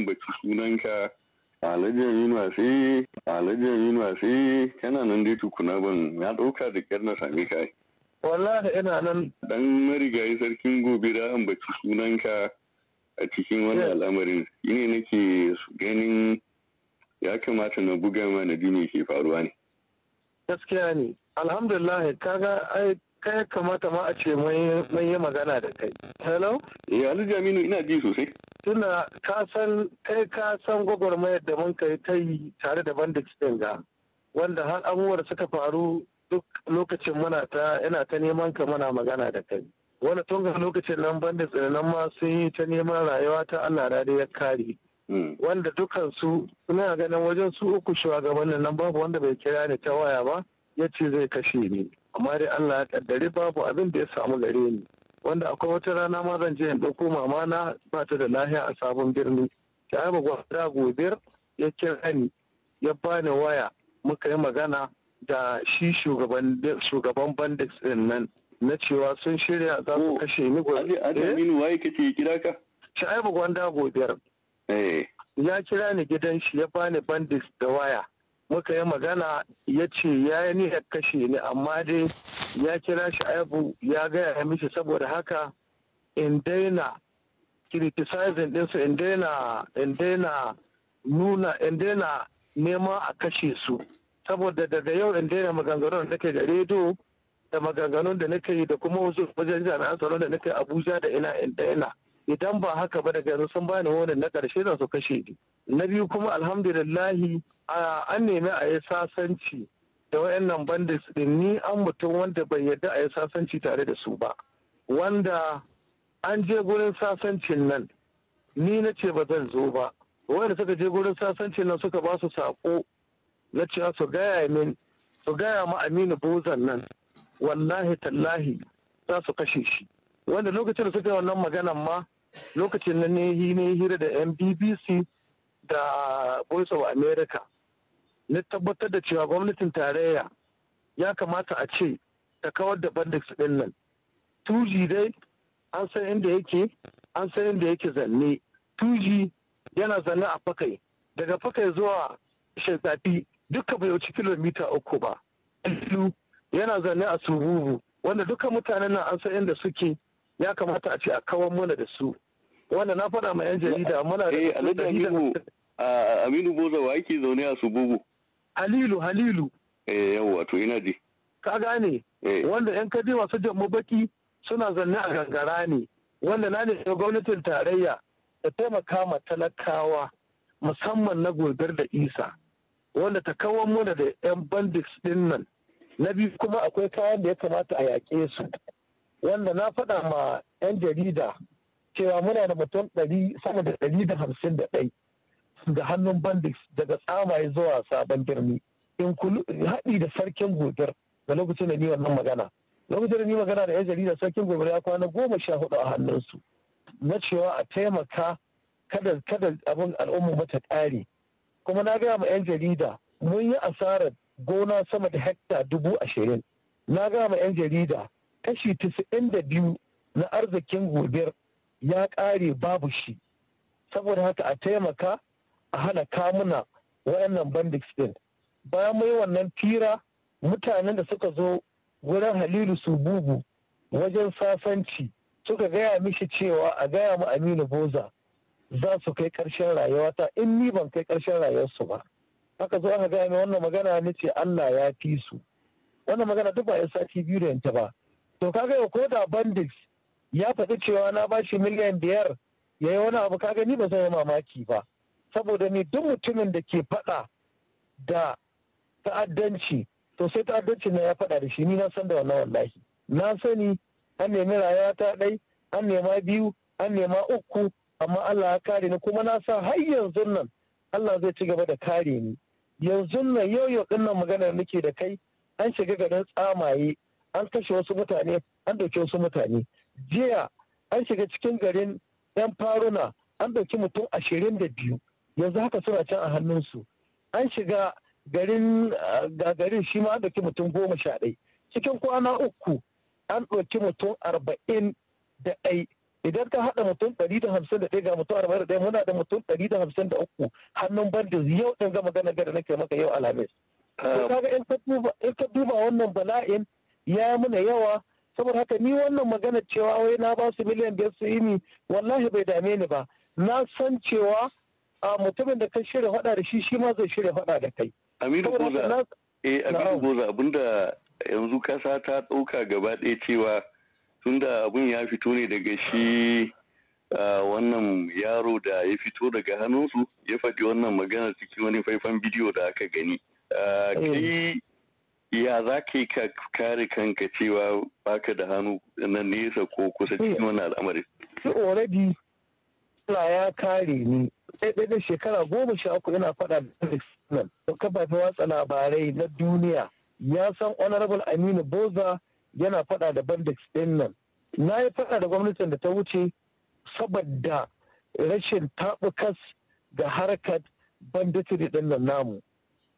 ambaci sunanka alhaji aminu wase alhaji yin wasi kana nan dai tukuna ban ya dauka da kyar na same ka wallahi ina nan dan marigayi sarkin gobe da ambaci sunanka a cikin wani al'amarin ine nake ganin ya kamata na buga ma na ke faruwa ne gaskiya ne alhamdulillah kaga ai kai kamata ma a ce mun yi magana da kai hello eh alhaji Jaminu ina ji sosai tuna ka san kai ka san gwagwarmayar da mun kai ta yi tare da banda cikin ga wanda har abubuwar suka faru duk lokacin muna ta ina ta neman ka muna magana da kai wani tun ga lokacin nan banda din ma sun yi ta neman rayuwa ta Allah da ya kare hmm. wanda dukan su suna ganin wajen su uku shugabannin nan babu wanda bai kira ni ta waya ba ya ce zai kashe ni amma dai Allah ya kaddare babu abin da ya samu gare ni wanda akwai wata rana ma zan je in dauko mama na ba ta da lahiya a sabon birni ta yi gwada gobe ya kira ni ya bani waya muka yi magana da shi shugaban bandits din nan na cewa sun shirya za su oh, kashe ni gobe. Aminu waye kake kira ka? Sha'ibu gwanda gobe. Eh. Ya kira ni gidan shi ya bani bandits da waya. muka yi magana ya ce ya yi niyyar kashe ni amma dai ya kira shi aibu ya gaya ya mishi saboda haka in daina criticizing ɗinsu in daina in daina nuna in daina nema a kashe su saboda daga yau in daina maganganun da nake da rediyo da maganganun da nake yi da kuma wasu wajen jami'an tsaron da nake abuja da ina in daina idan ba haka ba daga yanzu sun bani wani na ƙarshe zan su kashe ni na biyu kuma alhamdulillahi an nemi a yi sasanci da wayannan bandits din ni an mutum wanda bai yarda a yi sasanci tare da su ba wanda an je gurin sasancin nan ni na ce ba zan zo ba wanda suka je gurin sasancin nan suka ba su saƙo na cewa su gaya min su gaya ma aminu bozan nan wallahi tallahi za su kashe shi wanda lokacin da suka yi wannan maganan ma lokacin na ne hira da mbbc da voice of america na tabbatar da cewa gwamnatin tarayya ya kamata a ce ta kawar da bandits ɗin nan tuji dai an san inda yake an san inda yake zanne tuji yana zanne a fakai daga fakai zuwa shirkafi duka bai wuce kilomita uku ba yana zanne a sububu wanda duka mutanen nan an san inda suke ya kamata a ce a kawar mana da su wanda na faɗa ma 'yan jarida muna da eh, ah, aminu boza wa yake zaune a sububu Halilu Halilu. Eh yawa to ina ji. Ka gane. Eh. Wanda yan kadi masu jammu baki suna zanne a gangara ne. Wanda na ne gwamnatin tarayya da taimaka ma talakawa musamman na gogar da isa. Wanda ta kawo mana da yan bandits din nan. Na biyu kuma akwai kayan da ya kamata a yaƙe su. Wanda na faɗa ma 'yan jarida cewa muna da mutum ɗari sama da ɗari da hamsin da ɗai. da hannun bandits daga tsamaye zuwa sabon birni in haɗi da sarkin gobir da lokacin da ni wannan magana lokacin da ni magana da yan jarida sarkin gobir ya kwana goma sha hudu a hannunsu na cewa a taimaka kada kada abin al'umma mata ƙare kuma na gaya ma yan jarida mun yi asarar gona sama da hekta dubu ashirin na gaya ma yan jarida kashi tisa'in da biyu na arzikin gobir ya ƙare babu shi saboda haka a taimaka a hana kamuna waɗannan bandits din bayan mai wannan fira mutanen da suka zo wurin halilu subugu wajen sasanci suka gaya mishi cewa a gaya mu aminu boza za su kai ƙarshen rayuwata in ni ban kai ƙarshen rayuwarsu ba haka zo aka gaya mai wannan magana ni ce allah ya fi su wannan magana duk ba ya sati biyu da yanta ba to kaga gaya ko da bandits ya faɗi cewa na bashi miliyan biyar ya yi wani abu kaga ni ba zan yi mamaki ba saboda ni duk mutumin da ke faɗa da ta'addanci to sai ta'addanci na ya faɗa da shi ni na san da wannan wallahi na sani an nemi rayuwa ta ɗai an nema biyu an nema uku amma Allah ya kare ni kuma na san har yanzu nan Allah zai ci gaba da kare ni yanzu nan yau yau din nan magana nake da kai an shiga garin tsamaye an kashe wasu mutane an ɗauki wasu mutane jiya an shiga cikin garin yan faruna an ɗauki mutum ashirin da biyu yanzu haka suna can a hannunsu an shiga garin gagarin shi ma ɗauki mutum goma sha ɗai cikin kwana uku an ɗauki mutum arba'in da ɗai idan ka haɗa mutum ɗari da hamsin da ɗaya ga mutum arba'in da ɗaya muna da mutum ɗari da hamsin da uku hannun bandit yau ɗin ga magana gada nake maka yau alhamis um. kaga in ka duba wannan bala'in ya muna yawa saboda haka ni wannan magana cewa wai na ba su miliyan biyar su yi ni wallahi bai dame ni ba na san cewa mutumin da ka shirya faɗa da shi shi ma zai shirya faɗa da kai. Aminu Goza, eh Aminu Goza abinda yanzu kasa ta ɗauka gaba ɗaya cewa tunda abun ya fito ne daga shi wannan yaro da ya fito daga hannunsu ya faɗi wannan magana cikin wani faifan bidiyo da aka gani. Eh. Kai ya za ka ka kare kanka cewa baka da hannu na nesa ko kusa eh. cikin wani al'amari. Allah ya kare ni ɗaya da shekara goma sha uku ina faɗa da kafafen watsa labarai na duniya ya san honorable aminu boza yana faɗa da Bandex ɗin nan na yi faɗa da gwamnatin da ta wuce saboda rashin taɓukas da harkar banditiri ɗin nan namu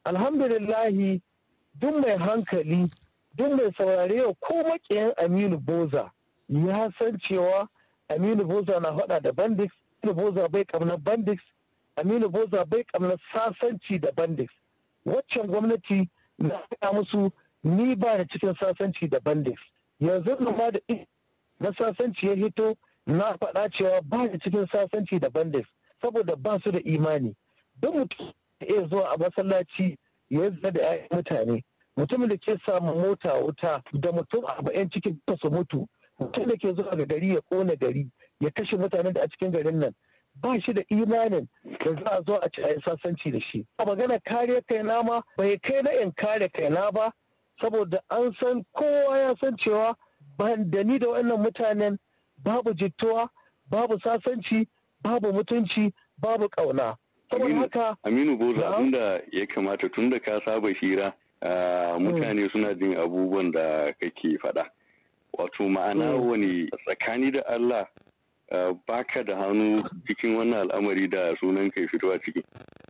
alhamdulillahi duk mai hankali duk mai saurare ko maƙiyan aminu boza ya san cewa aminu boza na faɗa da Bandex Aminu Boza bai kamar bandix, Aminu Boza bai kamar sasanci da bandix. Waccan gwamnati na gaya musu ni ba da cikin sasanci da bandix. Yanzu ma da na sasanci ya hito na faɗa cewa ba da cikin sasanci da bandix saboda ba su da imani. Duk mutum da iya zuwa a masallaci ya zina da 'ya'yan mutane. Mutumin da ke samun mota wuta da mutum arba'in cikin su mutu. Mutum da ke zuwa ga gari ya ƙona gari. ya kashe mutanen da a cikin garin nan ba shi da imanin da za a zo a ci a sasanci da shi a magana kare kaina ma bai kai na in kare kaina ba saboda an san kowa ya san cewa ban da ni da wannan mutanen babu jittuwa babu sasanci babu mutunci babu ƙauna saboda aminu boza abinda ya kamata tun da ka saba hira mutane suna jin abubuwan da kake faɗa wato ma'ana hmm. wani tsakani da allah baka da hannu cikin wannan al'amari da sunan kai a ciki.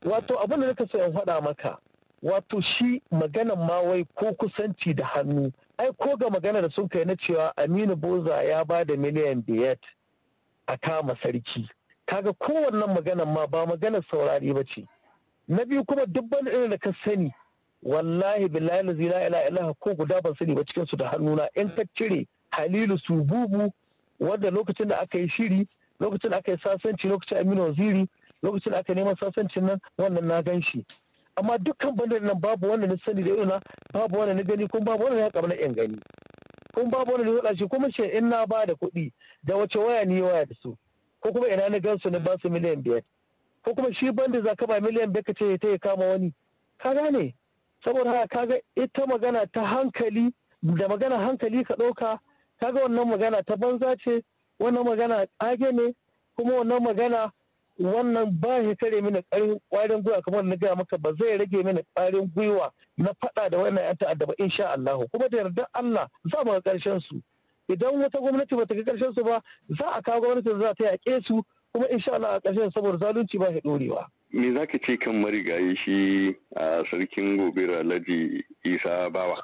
Wato abin da nake so in faɗa maka wato shi maganan ma wai ko kusanci da hannu ai ko ga magana da sun kai na cewa Aminu Boza ya ba da miliyan biyar a kama sarki kaga kowannen maganan ma ba maganar saurari ba ce na biyu kuma duk wani irin da ka sani wallahi billahi la ilaha ko guda ban sani ba cikinsu su da hannuna in ka cire Halilu Sububu wadda lokacin da aka yi shiri lokacin da aka yi sasanci lokacin aminu waziri lokacin da aka neman sasancin nan wannan na gan shi amma dukkan bandar nan babu wanda na sani da yuna babu wanda na gani kuma babu wanda na kamar yan gani kuma babu wanda na hada shi kuma shi in na ba da kuɗi da wace waya ni waya da su ko kuma ina na gan su na ba su miliyan biyar ko kuma shi banda za ka ba miliyan biyar ka ce ta ya kama wani ka gane saboda haka kaga ita magana ta hankali da magana hankali ka ɗauka kaga wannan magana ta banza ce wannan magana tsage ne kuma wannan magana wannan ba shi tare mini ƙwarin gwiwa kamar na gaya maka ba zai rage mini ƙwarin gwiwa na faɗa da wannan 'yan ta'adda ba insha Allah kuma da yarda Allah za mu ga ƙarshen su idan wata gwamnati ba ta ga ƙarshen su ba za a kawo gwamnatin za ta yaƙe su kuma insha Allah a ƙarshen saboda zalunci ba shi ɗorewa. me za ka ce kan marigayi shi a sarkin gobe alhaji isa bawa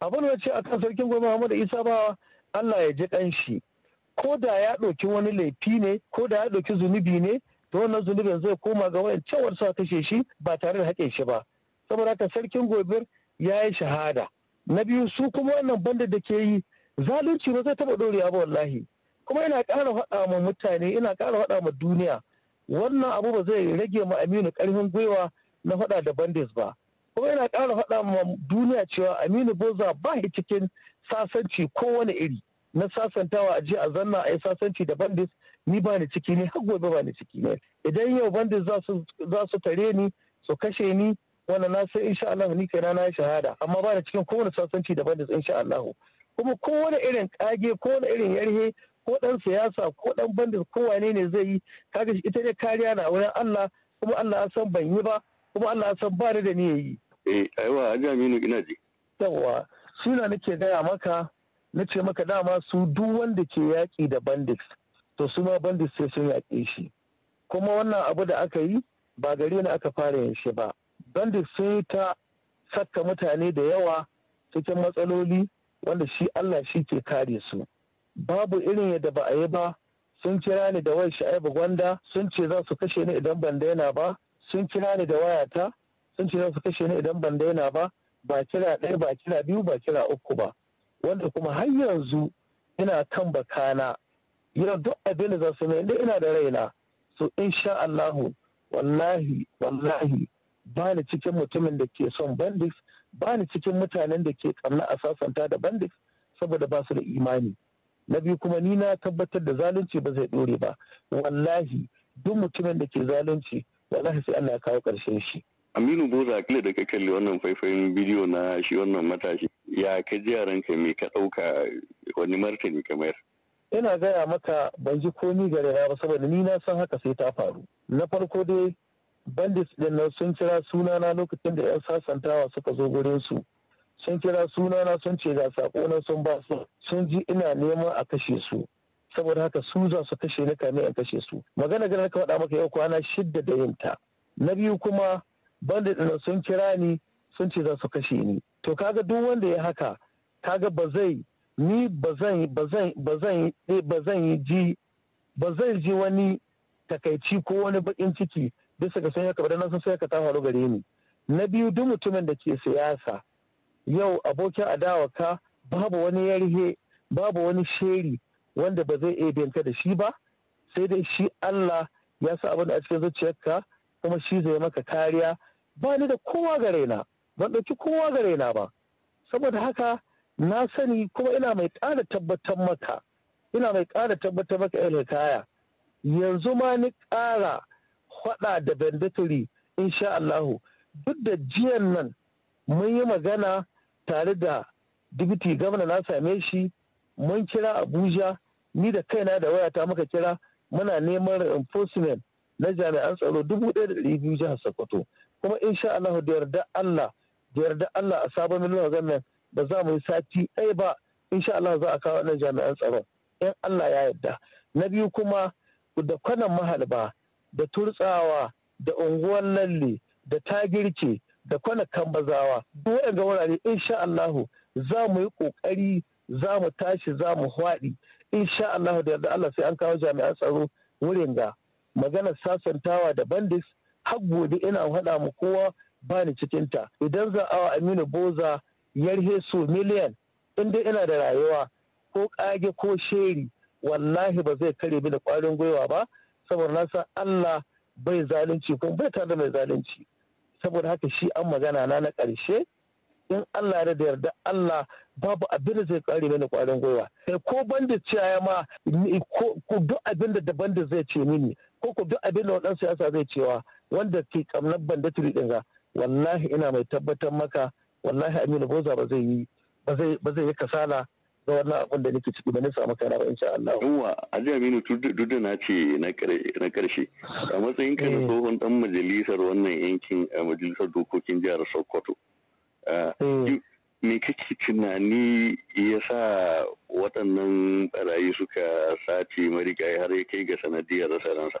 abin da ce akan sarkin gobe muhammadu isa bawa Allah ya ji ɗan shi ko da ya ɗauki wani laifi ne ko da ya ɗauki zunubi ne to wannan zunubin zai koma ga wayancan cewar sa kashe shi ba tare da haƙe shi ba saboda haka sarkin gobir ya yi shahada na biyu su kuma wannan banda da ke yi zalunci ba zai taɓa ɗorewa ba wallahi kuma ina ƙara faɗa ma mutane ina ƙara faɗa ma duniya wannan abu ba zai rage ma aminu ƙarfin gwiwa na faɗa da bandits ba kuma ina ƙara faɗa ma duniya cewa aminu boza ba cikin sasanci kowane iri na sasantawa a je a zanna a yi sasanci da bandis ni ba ni ciki ne har gobe ba ni ciki ne idan yau bandis za su tare ni su kashe ni wannan na sai insha Allah ni kaina na shahada amma ba ni cikin kowane sasanci da bandis insha Allah kuma kowane irin kage kowane irin yarhe ko dan siyasa ko dan bandis ko wane ne zai yi kaga ita ne kariya na wurin Allah kuma Allah ya san ban yi ba kuma Allah ya san ba ni da ni yayi eh aiwa ajami ina ji yawa suna na nake gaya maka na ce maka dama su duk wanda ke yaƙi da bandits to su ma bandits sai sun yaƙe shi kuma wannan abu da aka yi ba gari ni aka fara yin shi ba bandits sun yi ta saka mutane da yawa cikin matsaloli wanda shi Allah shi ke kare su babu irin yadda ba a yi ba sun kira ni da wai sha'ibu gwanda sun ce za su kashe ni idan ban daina ba sun kira ni da wayata sun ce za su kashe ni idan ban daina ba ba cira ɗaya ba cira biyu ba cira uku ba wanda kuma har yanzu ina kan bakana yau duk abin da za su mai ina da raina so insha Allahu wallahi wallahi ba ni cikin mutumin da ke son bandits ba ni cikin mutanen da ke karna a sasanta da bandits saboda ba su da imani na biyu kuma ni na tabbatar da zalunci ba zai dore ba wallahi duk mutumin da ke zalunci wallahi sai Allah ya kawo ƙarshen shi Aminu Boza kila da ka kalli wannan faifayin bidiyo na shi wannan matashi ya kai ji ranka me ka ɗauka wani martani kamar. Ina gaya maka ban ji komi gare na ba saboda ni na san haka sai ta faru. Na farko dai bandits din nan sun kira sunana lokacin da 'yan sasantawa suka zo gurin su. Sun kira sunana sun ce ga sako na sun ba su sun ji ina neman a kashe su. Saboda haka su za su kashe ni kamin in kashe su. Magana ganar ka faɗa maka yau kwana shidda da yinta. Na biyu kuma bandit ɗin sun kira ni sun ce za su kashe ni to kaga duk wanda ya haka kaga ba zai ni ba zan ba zan ba zan eh, ba zan ji ba zan ji wani takaici ko wani bakin ciki bisa ga sun haka ba sun sai ka ta faru gare ni na biyu duk mutumin da ke siyasa yau abokin adawa ka babu wani yarhe babu wani sheri wanda ba zai iya ka da shi ba sai dai shi Allah ya sa abin da a cikin zuciyarka kuma shi zai maka kariya ba ni da kowa gare na ban ɗauki kowa gare na ba saboda haka na sani kuma ina mai ƙara tabbatar maka ina mai ƙara tabbatar maka yan kaya yanzu ma ni ƙara faɗa da in insha Allahu duk da jiyan nan mun yi magana tare da dibiti gwamna na same shi mun kira Abuja ni da kaina da wayata muka kira muna neman reinforcement na jami'an tsaro dubu ɗaya da ɗari biyu jihar Sokoto kuma in sha Allah da yarda Allah da yarda Allah a sabon miliyan nan ba za mu yi sati ɗaya ba In sha Allah za a kawo wannan jami'an tsaro in Allah ya yarda na biyu kuma da kwanan mahalba da turtsawa da unguwar lalle da tagirce da kwanakan bazawa. duk ga wurare in sha Allah za mu yi ƙoƙari za mu tashi za mu haɗi sha Allah da yarda Allah sai an kawo jami'an tsaro wurin ga maganar sasantawa da bandits har gobe ina haɗa mu kowa ba ni cikinta idan za a aminu boza yarhe heso miliyan in dai ina da rayuwa ko kage ko sheri wallahi ba zai kare mini kwarin gwiwa ba saboda na san allah bai zalunci kuma bai tare da mai zalunci saboda haka shi an magana na na ƙarshe in Allah da yarda Allah babu abin da zai kare mini kwarin gwiwa sai eh, ko banda ciyaya ma ko duk abin da daban da zai ce mini ko ko duk abin da wadan siyasa zai cewa wanda ke kamnan banda turi din ga wallahi ina mai tabbatar maka wallahi Aminu Boza ba zai yi ba zai ba zai yi kasala ga wannan abin da nake ciki ba na samu kai ba insha Allah yawa Aminu duk na ce na karshe a matsayin ka eh. tsohon dan majalisar wannan yankin a majalisar dokokin jihar Sokoto Eh. Eh, me kake tunani ya sa waɗannan barayi suka sace marigayi har ya kai ga sanadiyar rasa ransa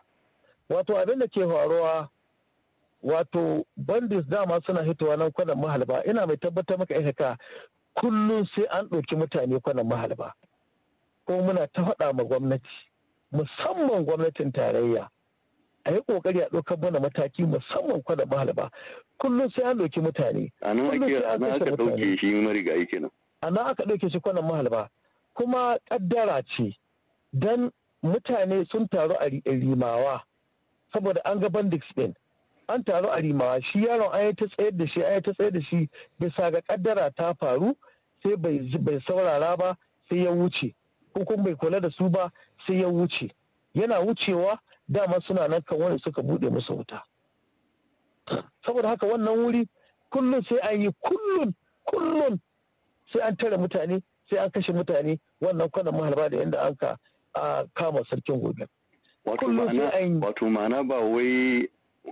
wato abin da ke faruwa wato bandits dama suna hitowa nan kwanan mahalba ina mai tabbatar maka aikaka kullum sai an ɗauki mutane kwanan mahalba ko muna ta faɗa ma gwamnati musamman gwamnatin tarayya a yi kokari a ɗaukar mana mataki musamman kwada mahalba kullum sai an ɗauki mutane a nan aka ɗauke shi marigayi kenan a nan aka ɗauke shi kwanan mahalba kuma ƙaddara ce don mutane sun taru a rimawa saboda an ga bandix ɗin an taru a rimawa shi yaron an yi ta tsayar da shi an yi ta tsayar da shi bisa ga ƙaddara ta faru sai bai saurara ba sai ya wuce ko kuma bai kula da su ba sai ya wuce yana wucewa dama suna nan kan wani suka bude musu wuta saboda haka wannan wuri kullum sai an yi kullum kullum sai an tare mutane sai an kashe mutane wannan kwanan mahalba da yadda an ka kama sarkin gobe wato ma'ana ba wai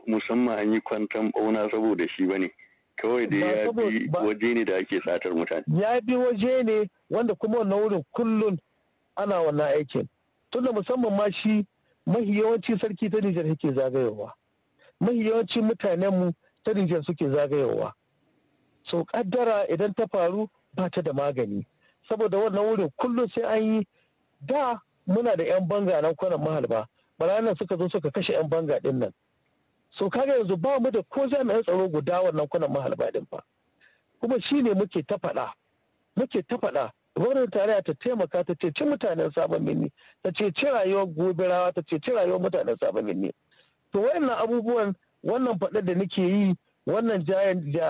musamman an yi kwantan bauna saboda shi ba ne kawai da ya bi waje ne da ake satar mutane ya bi waje ne wanda kuma wannan wurin kullum ana wannan aikin tunda musamman ma shi mahi yawanci sarki ta Nijar yake zagayowa mahi yawanci mutanenmu ta Nijar suke zagayowa so kaddara idan ta faru ba ta da magani saboda wannan wurin kullum sai an yi da muna da 'yan banga nan kwanan mahalba baranan suka zo suka kashe 'yan banga din nan so kaga yanzu ba mu da ko jami'an tsaro guda wannan kwanan mahalba din ba kuma shine muke ta faɗa muke ta faɗa gwamnatin tarayya ta taimaka ta ceci mutanen sabon birni ta ceci rayuwar gobe rawa, ta ceci rayuwar mutanen sabon birni to wayannan abubuwan wannan faɗa da nake yi wannan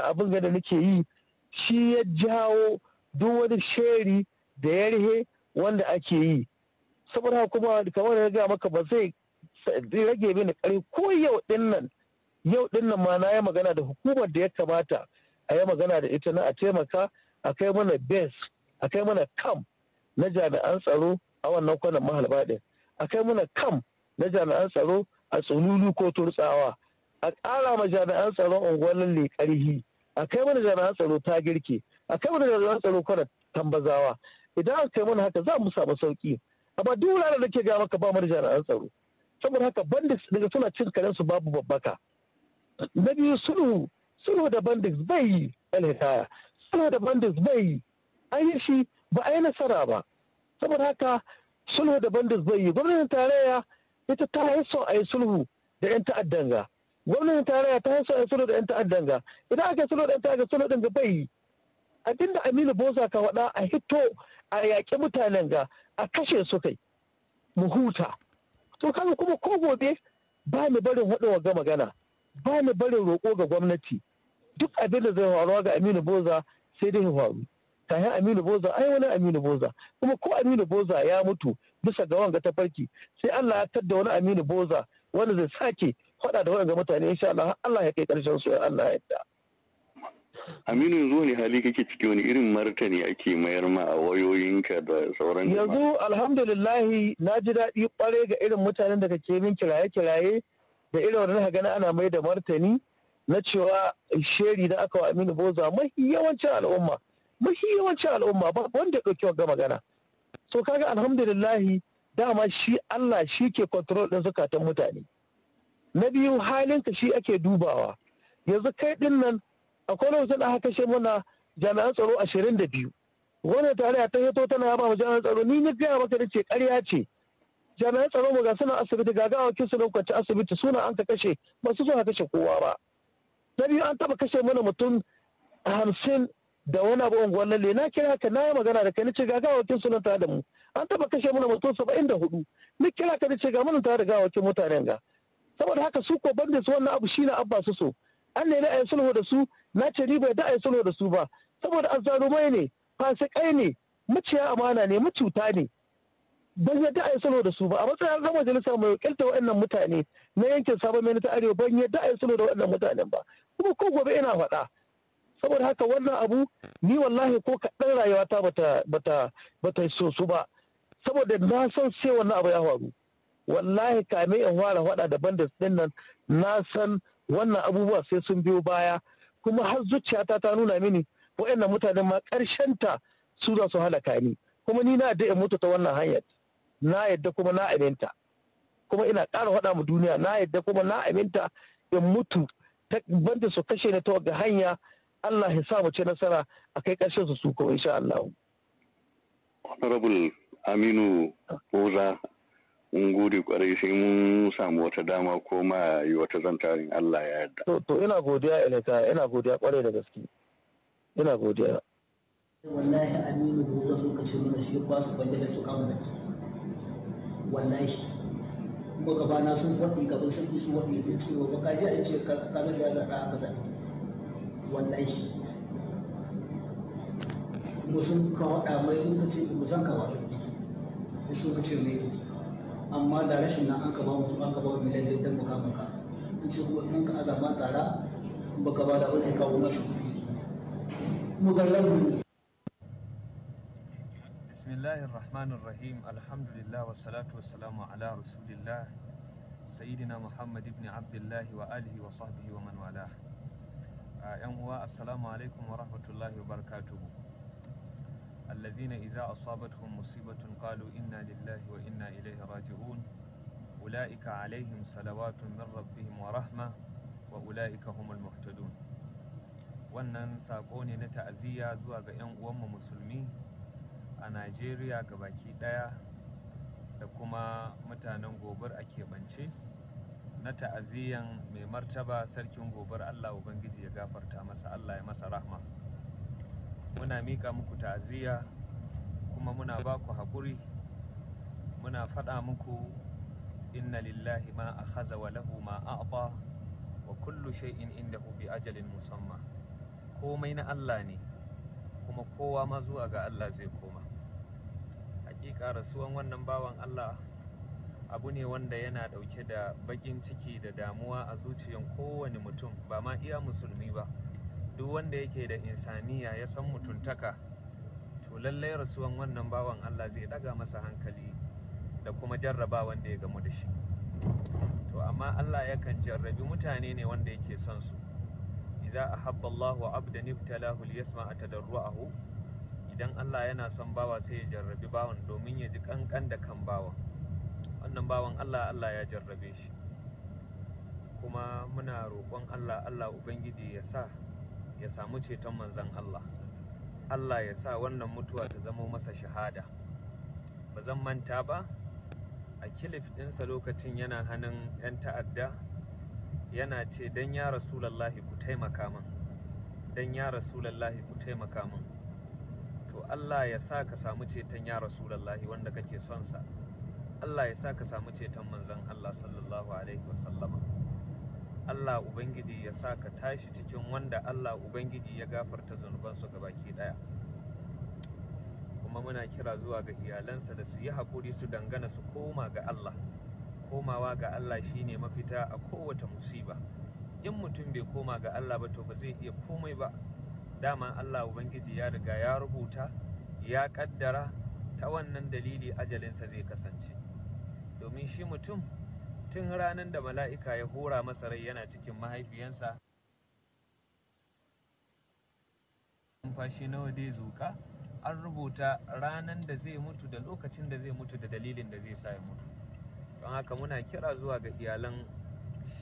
abin da nake yi shi ya jawo duk wani sheri da ya rihe wanda ake yi saboda kuma kamar ya gaya maka ba zai rage mini ƙarfi ko yau dinnan yau dinnan ma na yi magana da hukumar da ya kamata a yi magana da ita na a taimaka a kai mana best a kai mana kam na jami'an tsaro a wannan kwanan mahalbaɗin. Akai a kai mana kam na jami'an tsaro a tsunulu ko turtsawa a ƙara ma jami'an tsaro unguwannin ne a kai mana jami'an tsaro ta girke a kai mana jami'an tsaro kwanan tambazawa idan aka kai mana haka za mu samu sauki amma duk wuraren da ke ga maka ba mu da jami'an tsaro saboda haka bandits daga suna cin karensu babu babbaka na biyu sulhu sulhu da bandits bai yi alhitaya sulhu da bandits bai yi an yi shi ba a yi nasara ba saboda haka sulhu daban da zai yi gwamnatin tarayya ita ta yi son a yi sulhu da 'yan ta'addan ga gwamnatin tarayya ta yi son a yi sulhu da 'yan ta'addan ga idan aka yi sulhu da 'yan ta'addan sulhu din ga bai yi abin da aminu bosa ka faɗa a hito a yaƙi mutanen ga a kashe su kai mu huta to kaga kuma ko gobe ba ni barin haɗa ga magana ba ni barin roƙo ga gwamnati duk abin da zai faruwa ga aminu boza sai dai faru kayan aminu boza ai wani aminu boza kuma ko aminu boza ya mutu bisa ga wanga tafarki sai allah ya tadda wani aminu boza wanda zai sake faɗa da wanga mutane insha allah allah ya kai ƙarshen su allah ya yarda. aminu yanzu wani hali kake ciki wani irin martani ake mayar ma a wayoyinka da sauran yanzu alhamdulillahi na ji daɗi kware ga irin mutanen da kake min kiraye-kiraye da irin wannan gani ana mai da martani na cewa sheri da aka wa aminu boza mafi yawancin al'umma mafi yawancin al'umma ba wanda ɗauki wanga magana so ga alhamdulillahi dama shi Allah shi ke control ɗin zukatan mutane na biyu halinka shi ake dubawa yanzu kai ɗin nan akwai lokacin da aka kashe mana jami'an tsaro ashirin da biyu wani tare ta hito tana ba mu jami'an tsaro ni ni gaya maka da ce ƙarya ce jami'an tsaro mu ga suna asibiti ga gawa kin su kwanci asibiti suna an ka kashe ba su zo kashe kowa ba na biyu an taɓa kashe mana mutum hamsin da wani abu unguwar lalle na kira ka na magana da kai nace ga gawakin sunan ta da mu an taba kashe mana mutum saba'in da hudu ni kira ka nace ga mana ta da gawakin mutanen ga saboda haka su ko banda su wannan abu shine abba su so an ne na ayi sulhu da su na ce ni bai da ayi sulhu da su ba saboda azzalumai ne fasikai ne muciya amana ne mucuta ne ban yadda a yi sulhu da su ba a matsayin zama majalisa mai wakilta waɗannan mutane na yankin sabon mai ta arewa ban yadda a yi sulhu da waɗannan mutanen ba kuma ko gobe ina faɗa saboda haka wannan abu ni wallahi ko kaɗan rayuwata bata bata bata so su ba saboda na san sai wannan abu ya faru wallahi kame in fara faɗa da bandits ɗin nan na san wannan abubuwa sai sun biyo baya kuma har zuciyata ta nuna mini wa'annan mutane ma ta su za su halaka ni kuma ni na da in mutu ta wannan hanyar na yadda kuma na aminta kuma ina ƙara faɗa mu duniya na yadda kuma na aminta in mutu ta banda su kashe ni ta wagga hanya Allah ya sa mu nasara a kai ƙarshen su su ko insha Allah. Honorable Aminu Oza mun gode kwarai sai mun samu wata dama ko ma yi wata zantarin Allah ya yarda. To ina godiya Eleka ina godiya kwarai da gaske. Ina godiya. Wallahi Aminu Oza sun ce mana shi ba su da su kama zaki. Wallahi kuma gabana sun waɗi gaban sun su waɗi da cewa ba ka ji a ce ka ga siyasa ka haka zaki. wallahi mu sun ka waɗa mai sun ka ce ba san ka wasu ne sun ka ce mai amma da rashin nan an ka ba an ka ba mu da muka muka in ce ko in ka azama tara ka ba da wasu kawo mashi shi mu ga rabu بسم الله الرحمن الرحيم الحمد لله والصلاة والسلام على رسول الله سيدنا محمد بن عبد الله وآله وصحبه ومن والاه yan uwa assalamu alaikum wa rahmatullahi wa barakatuhu allazina idza asabatuhum musibatun qalu inna lillahi wa inna ilaihi raji'un ulaika alaihim salawatun min rabbihim wa rahma wa ulaika humul muhtadun wannan sako ne na ta'aziyya zuwa ga yan mu musulmi a Najeriya baki daya da kuma mutanen gobar a keɓance na ta'aziyyan mai martaba sarkin gobar Allah Ubangiji ya gafarta masa Allah ya masa rahma muna mika muku ta'aziyya kuma muna ba ku haƙuri muna faɗa muku inna lillahi ma haza wa lahu ma ba wa kullu shay'in bi ajalin musamman. komai na Allah ne kuma kowa ma zuwa ga Allah zai koma hakika rasuwan wannan bawan Allah abu ne wanda yana ɗauke da baƙin ciki da damuwa a zuciyan kowane mutum ba ma iya musulmi ba duk wanda yake da insaniya ya san mutuntaka to lallai rasuwan wannan bawan Allah zai ɗaga masa hankali da kuma jarraba wanda ya gamu da shi to amma Allah yakan jarrabi mutane ne wanda yake son su idza ahabba Allahu abdan ibtalahu liyasma'a tadarruahu idan Allah yana son bawa sai ya jarrabi bawan domin ya ji kankan da kan bawan wannan bawan Allah Allah ya jarrabe shi kuma muna roƙon Allah Allah Ubangiji ya sa ya samu ceton manzan Allah Allah ya sa wannan mutuwa ta zamo masa shahada ba zan manta ba a kilif ɗinsa lokacin yana hannun 'yan ta'adda yana ce 'Dan ya rasulallahi ku taimaka min don ya rasulallahi ku taimaka min to Allah ya sa ka samu ceton ya rasulallahi wanda kake son sa Allah ya sa ka samu ceton manzon Allah sallallahu alaihi wasallama Allah ubangiji ya sa ka tashi cikin wanda Allah ubangiji ya gafarta zunubansu ga baki daya kuma muna kira zuwa ga iyalansa da su yi haƙuri su dangana su koma ga Allah komawa ga Allah shine mafita a kowace musiba in mutum bai koma ga Allah ba to ba zai iya komai ba dama Allah ubangiji ya riga ya rubuta ya kaddara ta wannan dalili ajalinsa zai kasance domin shi mutum tun ranar da mala'ika ya hora masa rai yana cikin mahaifiyansa numfashi nawa zai an rubuta ranar da zai mutu da lokacin da zai mutu da dalilin da zai sa mutu don haka muna kira zuwa ga iyalan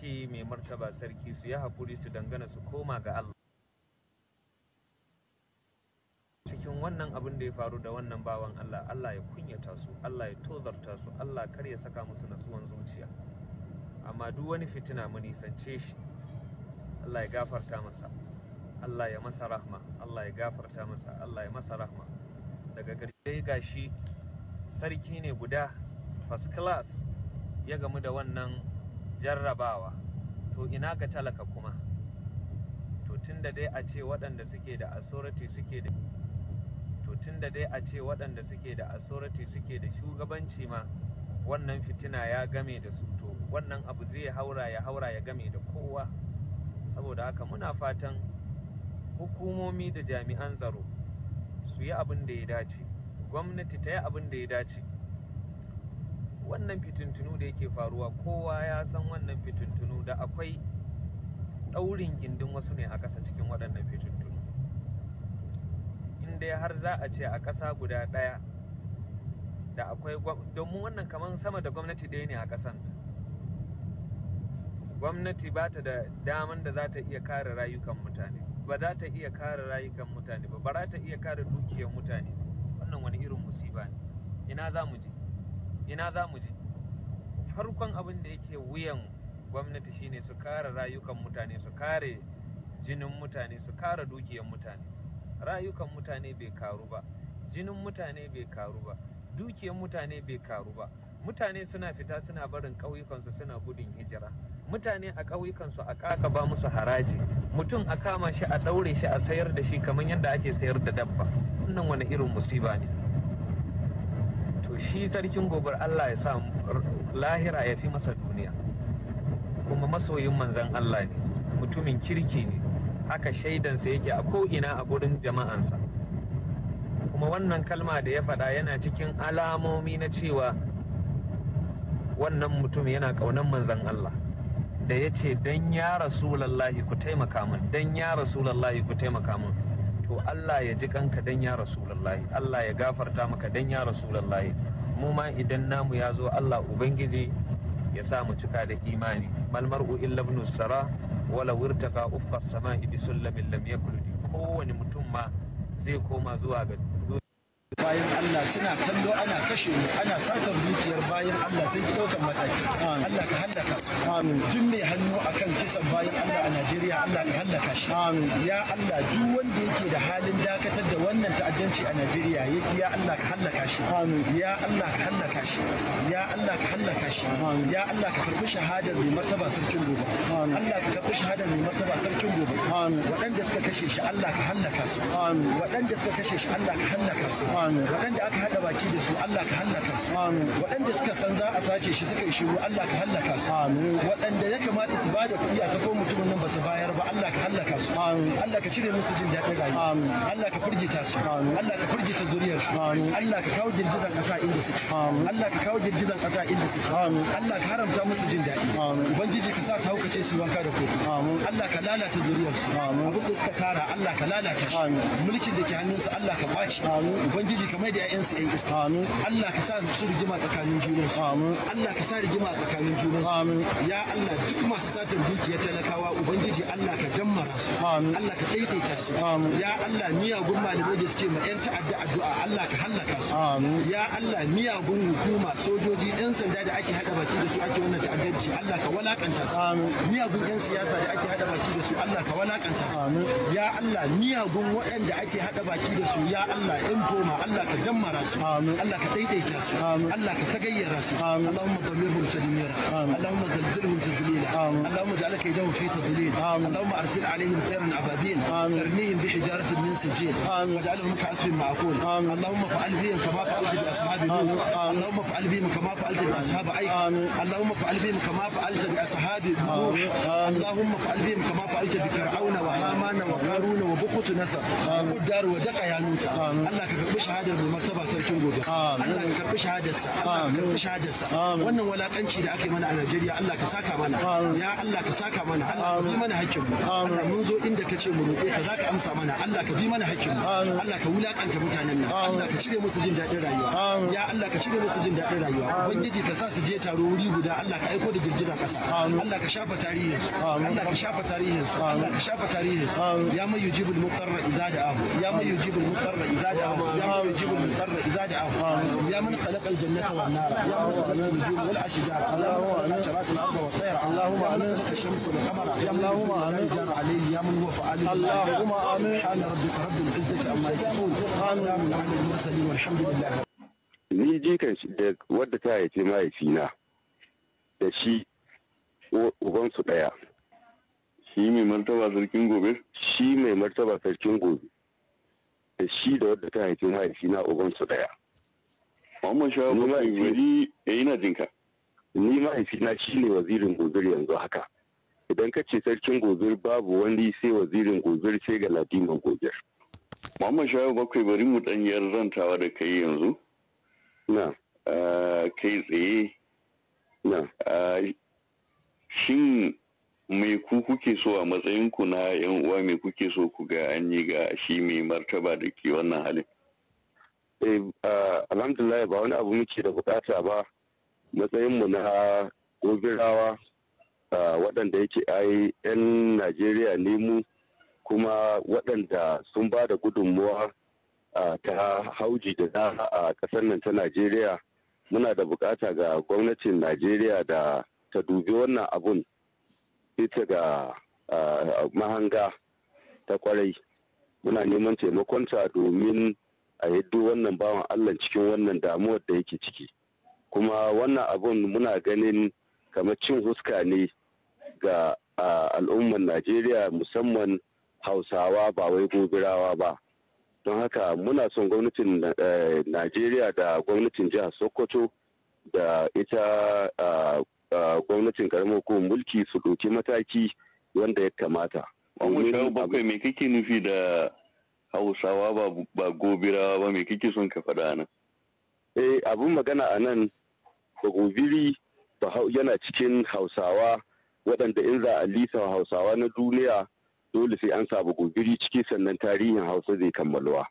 shi mai martaba sarki su yi haƙuri su dangana su koma ga Allah wannan abin da ya faru da wannan bawan Allah Allah ya kunyata su Allah ya tozarta su Allah kar ya saka musu natsuwan zuciya amma duk wani fitina mu nisance shi Allah ya gafarta masa Allah ya masa rahma Allah ya gafarta masa Allah ya masa rahma daga ƙarshe gashi sarki ne guda first class ya gamu da wannan jarrabawa to ina ga talaka kuma to tunda dai a ce waɗanda suke da authority suke da tunda dai a ce waɗanda suke da authority suke da shugabanci ma wannan fitina ya game da su to wannan abu zai haura ya haura ya game da kowa saboda haka muna fatan hukumomi da jami'an tsaro su yi abin da ya dace gwamnati ta yi abin da ya dace wannan fitintunu da yake faruwa kowa ya san wannan fitintunu da akwai ɗaurin gindin wasu ne a ƙasa cikin waɗannan fitintunu dai har za a ce a ƙasa guda ɗaya da akwai domin wannan kamar sama da gwamnati ɗaya ne a ƙasan gwamnati ba ta da daman da za ta iya kare rayukan mutane ba za ta iya kare rayukan mutane ba ba za ta iya kare dukiyar mutane wannan wani irin musiba ne ina za mu je ina za mu je farkon abin da yake wuyan gwamnati shine su kare rayukan mutane su kare jinin mutane su kare dukiyar mutane rayukan mutane bai karu ba jinin mutane bai karu ba dukiyar mutane bai karu ba mutane suna fita suna barin ƙauyukansu suna gudun hijira mutane a ƙauyukansu a ƙaka ba musu haraji mutum a kama shi a ɗaure shi a sayar da shi kamar yadda ake sayar da dabba wannan wani irin musiba ne to shi sarkin gobar allah ya sa lahira ya fi masa duniya kuma masoyin manzan allah ne mutumin kirki ne haka shaidansa yake a ko'ina a gurin jama'ansa kuma wannan kalma da ya faɗa yana cikin alamomi na cewa wannan mutum yana ƙaunar manzan Allah da ya ce don ya rasulallahi ku taimaka min don ya rasulallahi ku taimaka min to Allah ya ji kanka don ya rasulallahi Allah ya gafarta maka dan ya rasulallahi mu ma idan namu ya zo Allah Ubangiji ya sa mu cika da imani malmar'u illa sara wala wurtaka ufqa sama'i bi sullamin lam yakludi kowane mutum ma zai koma zuwa ga bayan Allah suna kallo ana kashe mu ana satar dukiyar bayan Allah sai ki ɗaukar mataki Allah ka hallaka su amin duk mai hannu akan kisan bayan Allah a Najeriya Allah ka hallaka shi amin ya Allah duk wanda yake da halin dakatar da wannan ta'addanci a Najeriya ya Allah ka hallaka shi amin ya Allah ka hallaka shi ya Allah ka hallaka shi ya Allah ka karbi shahadar mai martaba sarkin gobe Allah ka karbi shahadar mai martaba sarkin gobe waɗanda suka kashe shi Allah ka hallaka su waɗanda suka kashe shi Allah ka hallaka su waɗanda aka haɗa baki da su Allah ka hallaka su waɗanda suka san za a sace shi suka yi shiru Allah ka hallaka su waɗanda ya kamata su bada kuɗi a sako mutumin nan ba su bayar ba Allah ka hallaka su Allah ka cire musu jin daɗin rayuwa Allah ka furgita su Allah ka furgita zuriyar su Allah ka kawo girgizan ƙasa inda suke Allah ka kawo girgizan ƙasa inda suke Allah ka haramta musu jin daɗi ubangiji ka sa su haukace su wanka da kofi Allah ka lalata zuriyar su abin da suka tara Allah ka lalata shi mulkin da ke hannunsu Allah ka kwace ubangiji ubangiji kamar da ƴaƴan su ƴan amin Allah ka sa su rigima tsakanin junan amin Allah ka sa rigima tsakanin junan amin ya Allah duk masu satar dukiyar talakawa ubangiji Allah ka dammara su amin Allah ka daidaita su amin ya Allah miyagun malamai da suke ma ƴan ta'adda addu'a Allah ka hallaka su amin ya Allah miyagun hukuma sojoji ƴan sanda da ake hada baki da su ake wannan ta'addanci Allah ka walakanta su amin miyagun ƴan siyasa da ake hada baki da su Allah ka walakanta su amin ya Allah miyagun waɗanda ake hada baki da su ya Allah in goma. الله كدم راسه آمين الله كتيت جاسه آمين الله كتجي راسه آمين اللهم دمره تدميره آمين اللهم زلزله تزليله آمين اللهم جعلك يدوم في تضليل آمين اللهم أرسل عليهم خيرا عبادين آمين ترميهم بحجارة من سجيل آمين واجعلهم كعصف معقول آمين اللهم فعل فيهم كما فعلت بأصحاب آمين اللهم فعل فيهم كما فعلت بأصحاب عيك آمين اللهم فعل فيهم كما فعلت بأصحاب نوح اللهم فعل فيهم كما فعلت بفرعون وهامان وقارون وبخوت نسر آمين ودار ودقة يا موسى آمين الله كفر shahadar mai martaba sarkin gobe Allah ka karbi shahadarsa Allah ka karbi shahadarsa wannan walakanci da ake mana a Najeriya Allah ka saka mana ya Allah ka saka mana Allah ka bi mana hakkin mu Allah mun zo inda kace mu roƙe ka zaka amsa mana Allah ka bi mana hakkin mu Allah ka wulakanta mutanen nan Allah ka cire musu jin daɗin rayuwa ya Allah ka cire musu jin daɗin rayuwa ubangiji ka sa su je taro wuri guda Allah ka aiko da girgiza ƙasa. Allah ka shafa tarihin su Allah ka shafa tarihin su Allah ka shafa tarihin su ya mayyujibul muqarra idza da'ahu ya mayyujibul muqarra idza da'ahu ya السماء ويجيب من الارض اذا دعاه يا من خلق الجنه والنار يا من خلق النجوم والاشجار اللهم شراك الارض والطير اللهم امين الشمس والقمر اللهم امين جار عليه يا من هو فعال اللهم امين سبحان ربك رب العزه عما يصفون امين على المرسلين والحمد لله ni jikan shi da wadda ta haife mahaifina da shi ubansu ɗaya shi mai martaba sarkin gobe shi mai martaba sarkin gobe da shi da wadda ta haifi mahaifi na ubansu daya. Muhammad Shawar Gumari ya eh, yi na jinka. Ni mahaifi na shi ne wazirin gozir yanzu haka. Idan ka ce sarkin gozir babu wani sai wazirin gozir sai ga ladiman gozir. Muhammad Shawar bakwai bari mu ɗanyar rantawa da kai yanzu. Na. Ah, kai tsaye. Na. Ah, shin me ku kuke so a matsayinku na yan uwa me kuke so ku ga an yi ga shi mai martaba da ke wannan halin eh, alhamdulillah ba wani abu muke da bukata ba matsayin mu na gobirawa waɗanda yake ai 'yan najeriya ne mu kuma waɗanda sun ba da gudunmuwa ta hauji da za a ƙasar nan ta najeriya muna da bukata ga gwamnatin najeriya da ta dubi wannan abun ita ga ah, mahanga ta kwarai muna neman taimakonta domin a yaddo wannan bawan allah cikin wannan damuwar da yake ciki kuma wannan abun muna ganin kamar cin huska ne ga ah, al'ummar najeriya musamman hausawa ba wai gobirawa ba don haka muna son gwamnatin eh, najeriya da gwamnatin jihar sokoto da ita ah, gwamnatin karamar hukumar mulki su ɗauki mataki wanda ya kamata. Wani bakwai me kake nufi da hausawa ba gobirawa ba me kake son ka faɗa nan? Eh abin magana a nan ba gobiri yana cikin hausawa waɗanda in za a lisa hausawa na duniya dole sai an sabu gobiri ciki sannan tarihin hausa zai kammaluwa.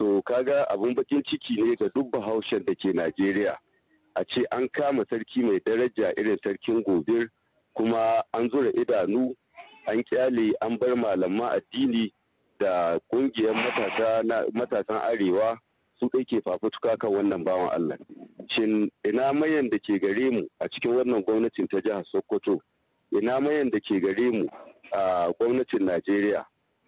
So kaga abin bakin ciki ne ga duk bahaushen da ke Najeriya. a ce an kama sarki mai daraja irin sarkin gobir kuma an zura idanu an kyale an bar malaman addini da kungiyar matasan arewa su ke fafutuka kan wannan bawan Allah. Shin ina mayan da ke gare mu a cikin wannan gwamnatin ta jihar Sokoto, ina mayan da ke gare mu a gwamnatin Najeriya.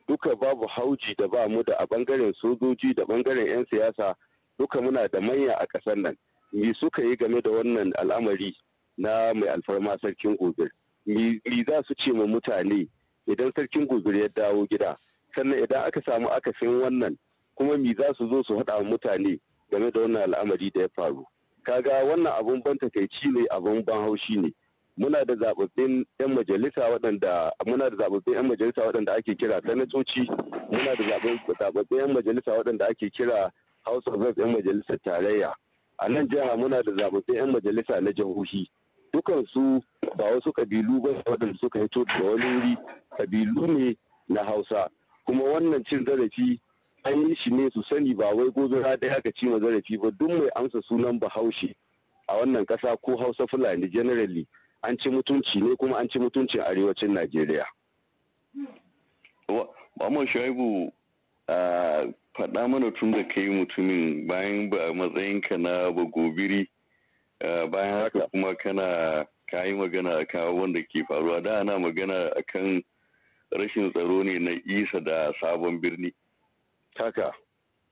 Duka babu hauji da ba mu da a bangaren sojoji da bangaren 'yan siyasa duka muna da manya a ƙasar nan. mi suka yi game da wannan al'amari na mai alfarma sarkin gobir mi za su ce ma mutane idan sarkin gobir ya dawo gida sannan idan aka samu akasin wannan kuma mi za su zo su haɗa mutane game da wannan al'amari da ya faru kaga wannan abun ban takaici ne abun ban haushi ne muna da zababbin yan majalisa waɗanda muna da zababbin yan majalisa waɗanda ake kira sanatoci muna da zababbin yan majalisa waɗanda ake kira house of yan majalisar tarayya a nan jiha muna da zaɓaɓɓen 'yan majalisa na jihohi dukansu ba wasu kabilu ba waɗanda suka hito da wani wuri kabilu ne na hausa kuma wannan cin zarafi an yi shi ne su sani ba wai gozora ɗaya aka ci zarafi ba duk mai amsa sunan bahaushe a wannan ƙasa ko hausa fulani generally an ci mutunci ne kuma an ci mutuncin arewacin najeriya Muhammad Shaibu ah, faɗa mana tun da kai mutumin bayan ba matsayinka na bagobiri eh, bayan haka kuma kana kayi magana a kawo wanda ke faruwa da ana magana kan rashin tsaro ne na isa da sabon birni haka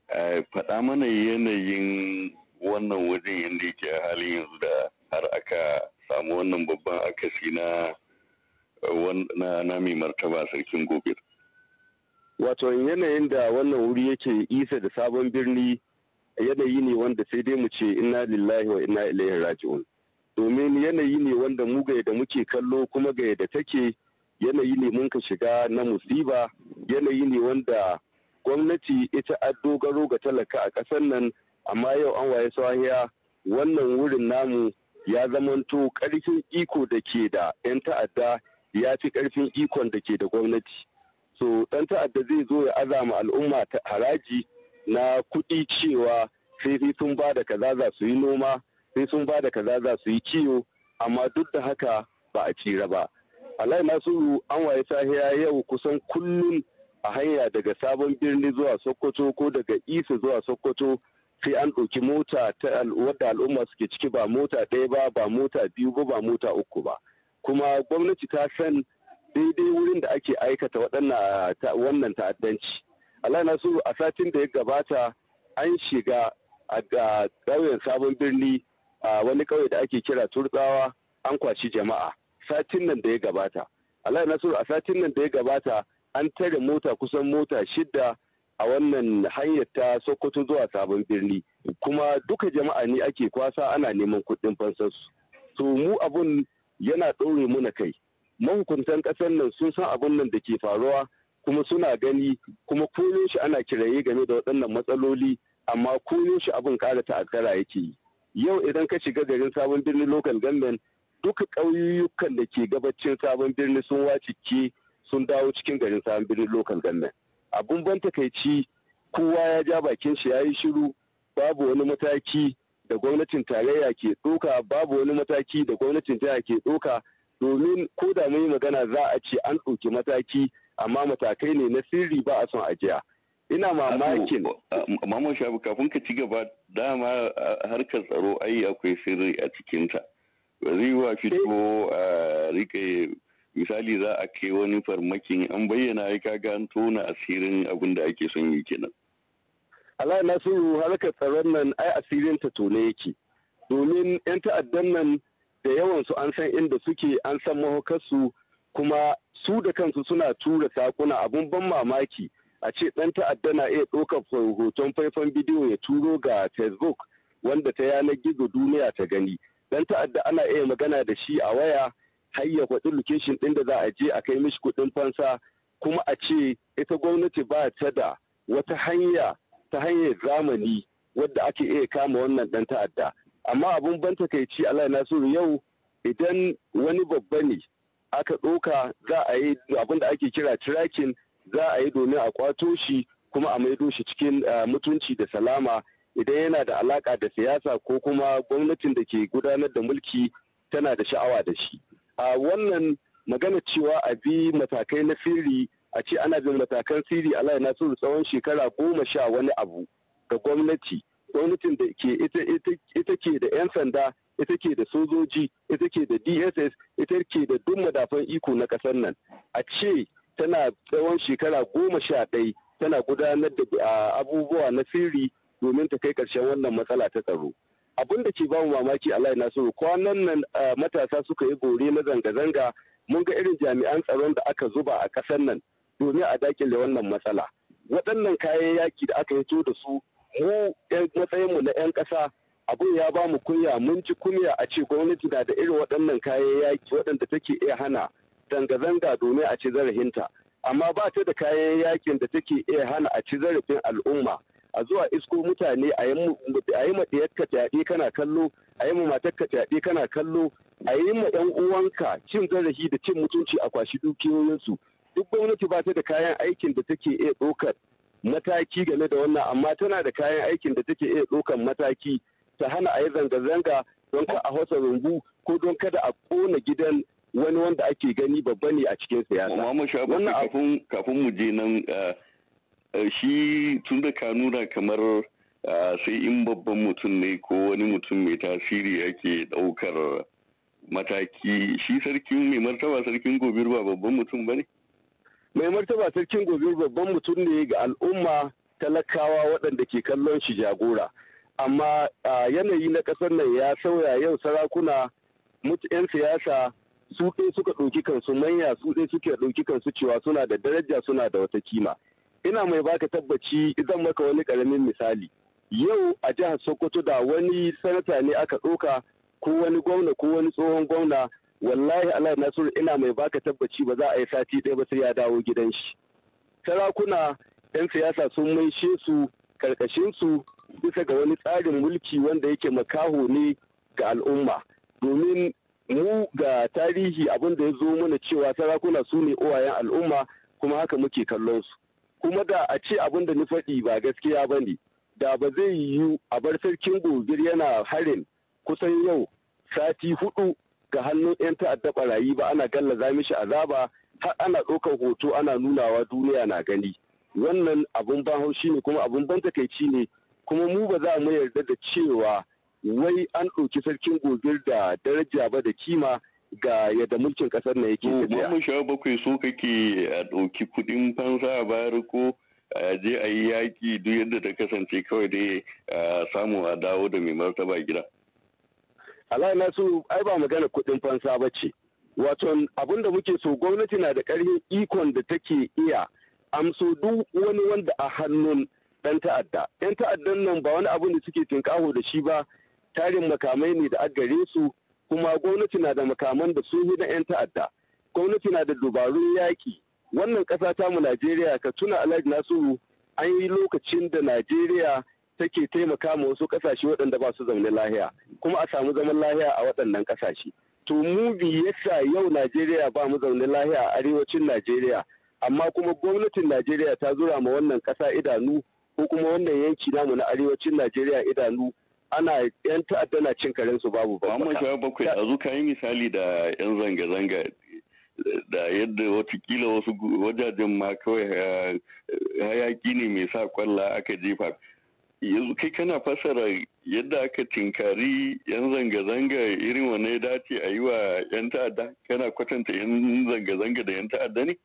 eh, faɗa mana yanayin wannan wajen yadda yake a halin yanzu da har aka samu wannan babban akasi na eh, na mai martaba sarkin gobir wato yanayin da wannan wuri yake isa da sabon birni yanayi ne wanda sai dai mu ce inna lillahi wa inna ilaihi raji'un domin yanayi ne wanda mu ga yadda muke kallo kuma ga yadda take yanayi ne mun ka shiga na musiba yanayi ne wanda gwamnati ita a dogaro ga talaka a ƙasar nan amma yau an waye sahiya wannan wurin namu ya zamanto karfin iko da ke da 'yan ta'adda ya fi karfin ikon da ke da gwamnati so dan ta'adda zai zo ya azama al'umma ta haraji na kuɗi cewa sai sai sun ba da kaza za su yi noma sai sun ba da kaza za su yi kiwo amma duk da haka ba a cira ba alai nasiru an waye sahiya yau kusan kullum a hanya daga sabon birni zuwa sokoto ko daga isa zuwa sokoto sai an ɗauki mota ta wadda al'umma suke ciki ba mota ɗaya ba ba mota biyu ba ba mota uku ba kuma gwamnati ta san daidai wurin da ake aikata wannan ta'addanci Allah na su a satin da ya gabata an shiga a ƙauyen sabon birni a wani ƙauye da ake kira turtsawa an kwashi jama'a satin nan da ya gabata Allah na su a satin nan da ya gabata an tare mota kusan mota shidda a wannan hanyar ta sokoto zuwa sabon birni kuma duka jama'a ne ake kwasa ana neman kuɗin fansansu to mu abun yana ɗore muna kai mahukuntan ƙasar nan sun san abin nan da ke faruwa kuma suna gani kuma koyo shi ana kiraye game da waɗannan matsaloli amma koyo shi abin ƙara ta'azzara yake yi yau idan ka shiga garin sabon birni local government duka ƙauyukan da ke gabacin sabon birni sun ke sun dawo cikin garin sabon birni local government abun ban takaici kowa ya ja bakin shi ya yi shiru babu wani mataki da gwamnatin tarayya ke ɗoka babu wani mataki da gwamnatin jiha ke ɗoka domin ko da mai magana za a ce an ɗauki mataki amma matakai ne na sirri ba a son ajiya ina mamakin mamman shabu kafin ka ci gaba dama harkar tsaro ai akwai sirri a cikinta ba zai wa fito a rike misali za a kai wani farmakin an bayyana ya kaga an tona asirin abin da ake son yi kenan Allah Nasiru harkar tsaron nan ai asirin ta tone yake domin 'yan ta'addan nan da yawansu an san inda suke an san mahokarsu kuma su da kansu suna tura sakuna abun ban mamaki a ce dan ta'adda na iya ɗaukar hoton faifan bidiyo ya turo ga facebook wanda ta yanar gizo duniya ta gani dan ta'adda ana iya magana da shi a waya har ya kwaɗi location ɗin da za a je a kai mishi kuɗin fansa kuma a ce ita gwamnati ba ta da wata hanya ta hanyar zamani wadda ake iya kama wannan dan ta'adda amma abun ban takaici Allah ya nasu yau idan wani babba ne aka doka za a yi abin da ake kira tracking za a yi domin a kwato shi kuma a maido shi cikin eh, mutunci da salama idan yana da alaka da siyasa ko kuma gwamnatin da ke gudanar da mulki tana da sha'awa da shi a wannan magana cewa a bi matakai na sirri a ce ana bin matakan sirri a nasu tsawon shekara goma sha wani abu ga gwamnati gwamnatin da ke ita ke da 'yan sanda ita ke da sojoji ita ke da dss ita ke da duk madafan iko na kasar nan a ce tana tsawon shekara goma sha ɗai, tana gudanar da abubuwa na sirri domin ta kai ƙarshen wannan matsala ta tsaro abin da ke ba mu mamaki a nasiru kwanan nan matasa suka yi gore na zanga-zanga mun ga irin jami'an tsaron da aka zuba a ƙasar nan domin a dakile wannan matsala waɗannan kayan yaki da aka to da su mu matsayin mu na 'yan ƙasa abin ya ba mu kunya mun ji kunya a ce gwamnati na da irin waɗannan kayan yaƙi waɗanda take iya hana zanga-zanga domin a ci zarafinta amma ba ta da kayan yakin da take iya hana a ci zarafin al'umma a zuwa isko mutane a yi ma fyaɗe kana kallo a yi ma matarka fyaɗe kana kallo a yi ma yan uwanka cin zarafi da cin mutunci a kwashi dukiyoyinsu duk gwamnati ba ta da kayan aikin da take iya ɗaukar mataki game da wannan amma tana da kayan aikin da take iya ɗaukan mataki ta hana a yi zanga-zanga don ka a hausa rumbu ko don kada a ƙona gidan wani wanda ake gani babba ne a cikin siyasa. Muhammad kafin mu je nan eh, eh, shi tun da ka nuna kamar eh, sai in babban mutum ne ko wani mutum mai tasiri yake ɗaukar mataki shi sarkin mai martaba sarkin gobe ba babban mutum ba ne? mai martaba sarkin gobe babban mutum ne ga al'umma talakawa waɗanda ke kallon shi jagora amma yanayi na ƙasar nan ya sauya yau sarakuna 'yan siyasa su ɗaya suka ɗauki kansu manya su ɗaya suke ɗauki kansu cewa suna da daraja suna da wata kima ina mai baka tabbaci zan maka wani ƙaramin misali yau a jihar sokoto da wani sanata ne aka ɗauka ko wani gwamna ko wani tsohon gwamna wallahi Allah Nasiru ina mai baka tabbaci ba za a yi sati ɗaya ba sai ya dawo gidan shi. Sarakuna ɗan siyasa sun maishe su karkashin su bisa ga wani tsarin mulki wanda yake makaho ne ga al'umma domin mu ga tarihi abin da ya zo mana cewa sarakuna su ne uwayen al'umma kuma haka muke kallon su kuma da a ce abin da ni faɗi ba gaskiya ba ne da ba zai yiwu a bar sarkin gobir yana harin kusan yau sati hudu ga hannun 'yan ta'adda barayi ba ana gallaza mishi azaba har ana ɗaukar hoto ana nunawa duniya na gani wannan abun ban haushi ne kuma abun ban takaici ne kuma mu ba za mu yarda da cewa wai an ɗauki sarkin gobe da daraja ba da kima ga yadda mulkin ƙasar na yake tafiya. Mun shawar bakwai so kake a ɗauki kuɗin fansa a bayar ko a je a yi yaƙi duk yadda ta kasance kawai dai samu a dawo da mai martaba gida. na su ai ba magana kuɗin fansa ba ce wato abin da muke so gwamnati na da ƙarfin ikon da take iya amso duk wani wanda a hannun ɗan ta'adda yan ta'addan nan ba wani abin da suke tunƙaho da shi ba tarin makamai ne da agare su kuma gwamnati na da makaman da sun na yan ta'adda gwamnati na da dubarun yaƙi wannan ƙasa ta mu najeriya ka tuna alhaji nasiru an yi lokacin da najeriya take taimaka ma wasu kasashe waɗanda ba su zaune lahiya kuma a samu zaman lahiya a waɗannan kasashe to mu yasa yau najeriya ba mu zaune lahiya a arewacin najeriya amma kuma gwamnatin najeriya ta zura ma wannan kasa idanu ko kuma wannan yanki namu na arewacin najeriya idanu ana yan ta'adda na cin karen su babu ba amma shawar bakwai a ka yi misali da yan zanga-zanga da yadda watakila wasu wajajen ma kawai eh, hayaki ne mai sa kwalla aka jefa yanzu kai kana fassara yadda aka tinkari yan zanga-zanga irin wane ya dace a yi wa yan ta'adda kana kwatanta yan zanga-zanga da yan ta'adda ne?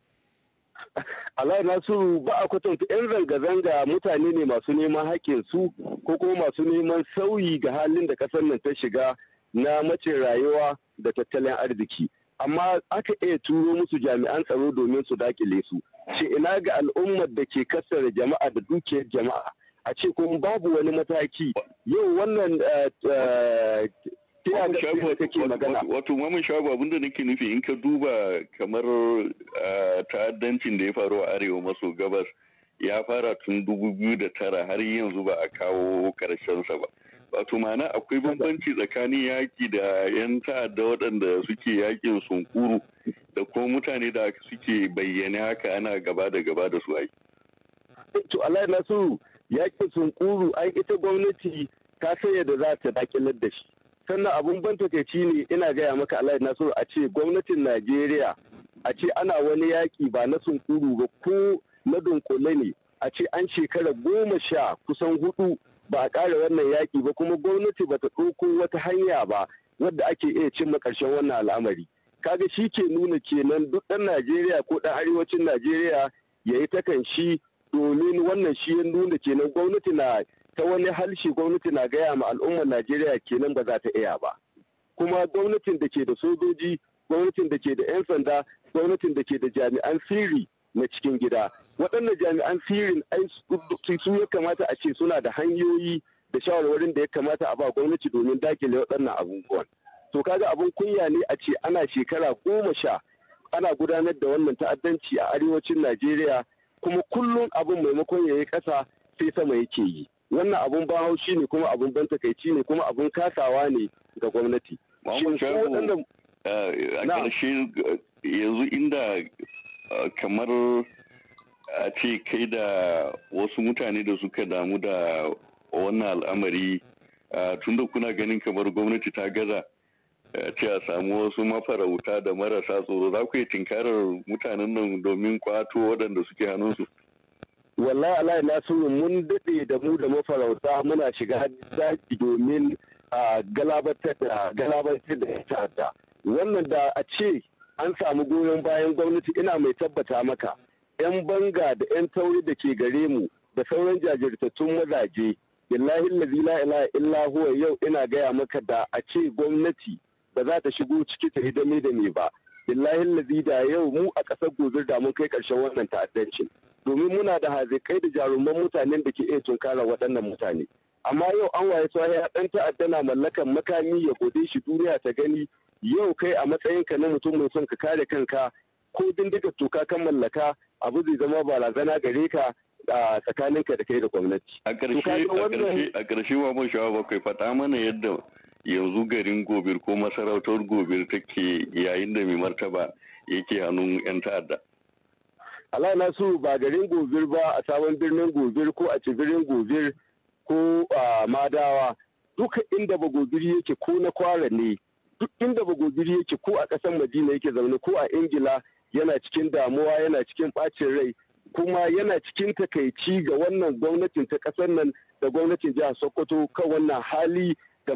Allah Nasiru ba a kwatanta yan zanga-zanga mutane ne masu neman haƙƙin su ko kuma masu neman sauyi ga halin da ƙasar nan ta shiga na macin rayuwa da tattalin arziki. Amma aka iya turo musu jami'an tsaro domin su dakile su. Shi ina ga al'ummar da ke kasar jama'a da dukiyar jama'a a ce kuma babu wani mataki yau wannan eh, eh, ta magana. wato mamun shago abinda nake nufi in ka duba kamar eh, ta'addancin da ya faru a arewa maso gabas ya fara tun dubu biyu da tara har yanzu ba a kawo karshensa ba wato mana akwai bambanci tsakanin yaƙi da 'yan ta'adda waɗanda suke yaƙin sunkuru da kuma mutane da suke bayyane haka ana gaba da gaba da su aiki. to Allah na Yaƙin sunkuru ai ita gwamnati ta sanya da za ta dakilar da shi sannan abun ban takaici ne ina gaya maka alhaji nasiru a ce gwamnatin najeriya a ce ana wani yaƙi ba na sunkuru ba ko na dunkule ne a ce an shekara goma sha kusan hudu ba a ƙara wannan yaƙi ba kuma gwamnati ba ta ɗauko wata hanya ba wadda ake iya cimma ƙarshen wannan al'amari kaga shi ke nuna kenan duk ɗan najeriya ko ɗan arewacin najeriya ya yi takan shi domin wannan shi ya nuna kenan gwamnati na ta wani halshi gwamnati na gaya ma al'ummar najeriya kenan ba za ta iya ba kuma gwamnatin da ke da sojoji gwamnatin da ke da 'yan sanda gwamnatin da ke da jami'an sirri na cikin gida waɗannan jami'an sirrin su ya kamata a ce suna da hanyoyi da shawarwarin da ya kamata a ba gwamnati domin dakile waɗannan abubuwan to kaga abin kunya ne a ce ana shekara goma sha ana gudanar da wannan ta'addanci a arewacin najeriya kuma kullum abin maimakon ya yi ƙasa sai sama yake yi wannan abun ban haushi ne kuma abun ban takaici ne kuma abun kasawa ne ga gwamnati eh, a ƙarshe eh, yanzu inda eh, kamar a ce kai da wasu mutane da suka damu da wannan al'amari tunda kuna ganin kamar gwamnati ta gaza ce a samu wasu mafarauta da marasa tsoro za ku yi tinkarar mutanen nan domin kwato waɗanda suke hannunsu wallahi alai nasiru mun daɗe da mu da mafarauta muna shiga daji domin galabatar da galabatar da ta'adda wannan da a ce an samu goyon bayan gwamnati ina mai tabbata maka 'yan banga da 'yan tauri da ke gare mu da sauran jajirtattun mazaje billahi la ilaha illa yau ina gaya maka da a ce gwamnati ba za ta shigo ciki ta hidame da ni ba billahi lazi da yau mu a ƙasar gozir da mun kai ƙarshen wannan ta'addanci domin muna da hazikai da jaruman mutanen da ke iya tunkara waɗannan mutane amma yau an waye tsohon ya ɗan ta'adda na mallakan makami ya gode shi duniya ta gani yau kai a matsayinka na mutum mai son ka kare kanka ko bindiga toka kan mallaka abu zai zama barazana gare ka a tsakaninka da kai da gwamnati. A ƙarshe wa mun shawa bakwai faɗa mana yadda yanzu garin gobir ko masarautar gobir take yayin da mai martaba yake hannun 'yan ta'adda ala su ba garin gobir ba a sabon birnin gobir ko a cibirin gobir ko a madawa duka inda ba gobiri yake ko na kwara ne duk inda ba gobiri yake ko a ƙasar madina yake zaune ko a ingila yana cikin damuwa yana cikin ɓacin rai kuma yana cikin takaici ga wannan gwamnatin ta ƙasar nan da gwamnatin jihar sokoto kan wannan hali ga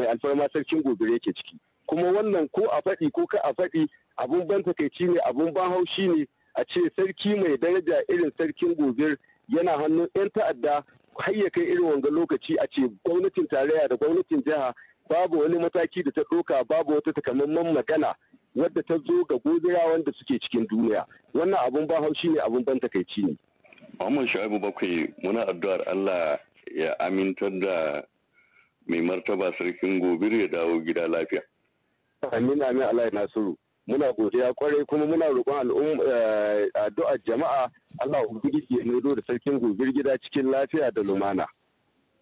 mai alfarma sarkin gobe yake ciki kuma wannan ko a faɗi ko ka a faɗi abun ban takaici ne abun ban haushi ne a ce sarki mai daraja irin sarkin gobe yana hannun 'yan ta'adda har ya kai irin wanga lokaci a ce gwamnatin tarayya da gwamnatin jiha babu wani mataki da ta ɗauka babu wata takamaiman magana wadda ta zo ga gobirawan da suke cikin duniya wannan abun ban haushi ne abun ban takaici ne Muhammad Shu'aibu bakwai muna addu'ar Allah ya amintar da mai martaba sarkin gobir ya dawo gida lafiya. Amin amin Allah Nasiru. Muna godiya kwarai kuma muna roƙon eh, addu'a jama'a Allah ubangiji ya nudo da sarkin gobir gida cikin lafiya da lumana.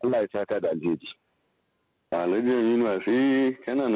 Allah ya saka da alheri. Alhaji Aminu Asi kana nan